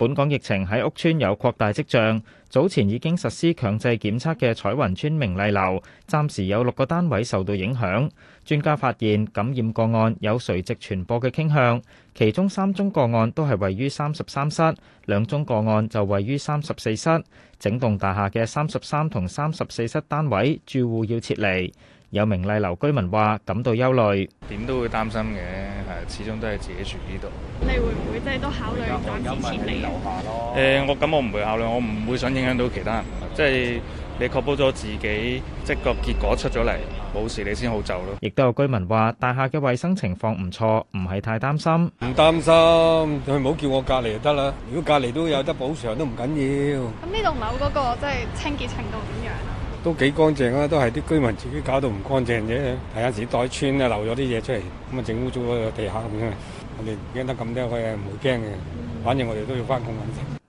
本港疫情喺屋邨有擴大跡象，早前已經實施強制檢測嘅彩雲邨明麗樓，暫時有六個單位受到影響。專家發現感染個案有垂直傳播嘅傾向，其中三宗個案都係位於三十三室，兩宗個案就位於三十四室。整棟大廈嘅三十三同三十四室單位住戶要撤離。有明麗樓居民話：感到憂慮，點都會擔心嘅，係始終都係自己住呢度。你會唔會即係都考慮話支持你？誒，我咁我唔會考慮，我唔會想影響到其他人。即係你確保咗自己，即個結果出咗嚟冇事，你先好走咯。亦都有居民話：大廈嘅衛生情況唔錯，唔係太擔心。唔擔心，佢唔好叫我隔離就得啦。如果隔離都有得補償，都唔緊要。咁呢棟樓嗰個即係清潔程度點樣？都幾乾淨啊！都係啲居民自己搞到唔乾淨啫，係有時袋穿啊，漏咗啲嘢出嚟，咁啊整污糟個地下咁樣！我哋唔驚得咁多佢嘅，唔會驚嘅。反正我哋都要返工搵食。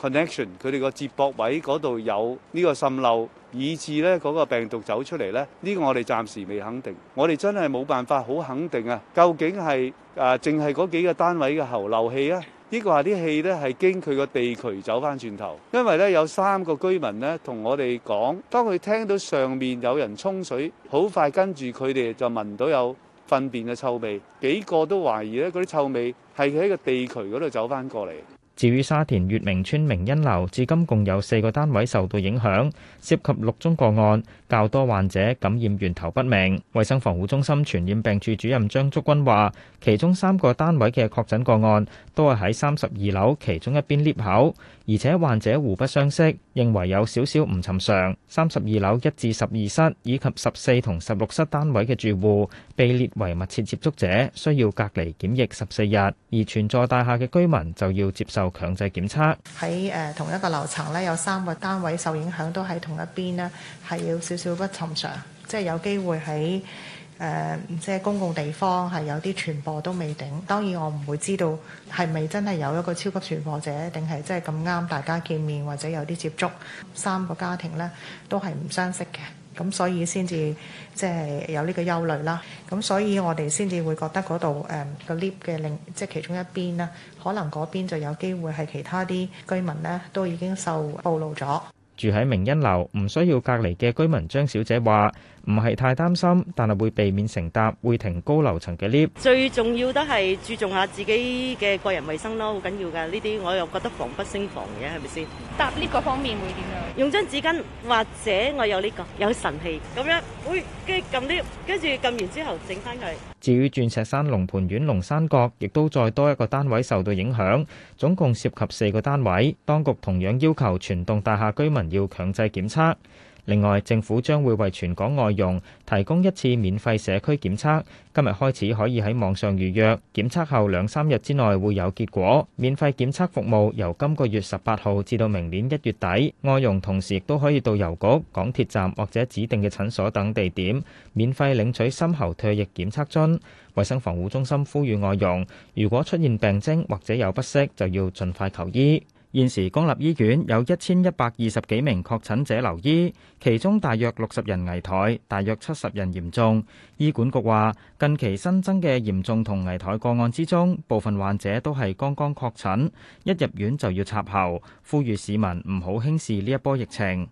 connection 佢哋個接駁位嗰度有呢個滲漏，以致咧嗰個病毒走出嚟咧，呢個我哋暫時未肯定。我哋真係冇辦法好肯定啊！究竟係誒淨係嗰幾個單位嘅喉漏氣啊？抑或啲氣咧係經佢個地渠走翻轉頭？因為咧有三個居民咧同我哋講，當佢聽到上面有人沖水，好快跟住佢哋就聞到有糞便嘅臭味，幾個都懷疑咧嗰啲臭味係佢喺個地渠嗰度走翻過嚟。至於沙田乙明邨明恩樓，至今共有四個單位受到影響，涉及六宗個案，較多患者感染源頭不明。衛生防護中心傳染病處主任張竹君話，其中三個單位嘅確診個案都係喺三十二樓其中一邊 lift 口，而且患者互不相識，認為有少少唔尋常。三十二樓一至十二室以及十四同十六室單位嘅住戶被列為密切接觸者，需要隔離檢疫十四日，而全座大廈嘅居民就要接受強制檢測。喺誒、呃、同一個樓層咧，有三個單位受影響，都喺同一邊呢，係有少少不尋常，即係有機會喺誒、呃、即係公共地方係有啲傳播都未定。當然我唔會知道係咪真係有一個超級傳播者，定係即係咁啱大家見面或者有啲接觸，三個家庭呢，都係唔相識嘅。咁所以先至即係有呢個憂慮啦。咁所以我哋先至會覺得嗰度誒個 lift 嘅另即係其中一邊啦，可能嗰邊就有機會係其他啲居民咧都已經受暴露咗。住喺明恩樓唔需要隔離嘅居民張小姐話：唔係太擔心，但係會避免乘搭會停高樓層嘅 lift。最重要都係注重下自己嘅個人衛生咯，好緊要噶。呢啲我又覺得防不勝防嘅，係咪先？搭呢 i 方面會點樣？用張紙巾，或者我有呢、這個有神器，咁樣，跟住撳 lift，跟住撳完之後整翻佢。至於鑽石山龍盤苑龍山角，亦都再多一個單位受到影響，總共涉及四個單位。當局同樣要求全幢大廈居民要強制檢測。另外，政府將會為全港外傭提供一次免費社區檢測，今日開始可以喺網上預約，檢測後兩三日之內會有結果。免費檢測服務由今個月十八號至到明年一月底，外傭同時亦都可以到郵局、港鐵站或者指定嘅診所等地點免費領取深喉唾液檢測樽。衛生防護中心呼籲外傭如果出現病徵或者有不適就要盡快求醫。現時公立醫院有一千一百二十幾名確診者留醫，其中大約六十人危殆，大約七十人嚴重。醫管局話，近期新增嘅嚴重同危殆個案之中，部分患者都係剛剛確診，一入院就要插喉，呼籲市民唔好輕視呢一波疫情。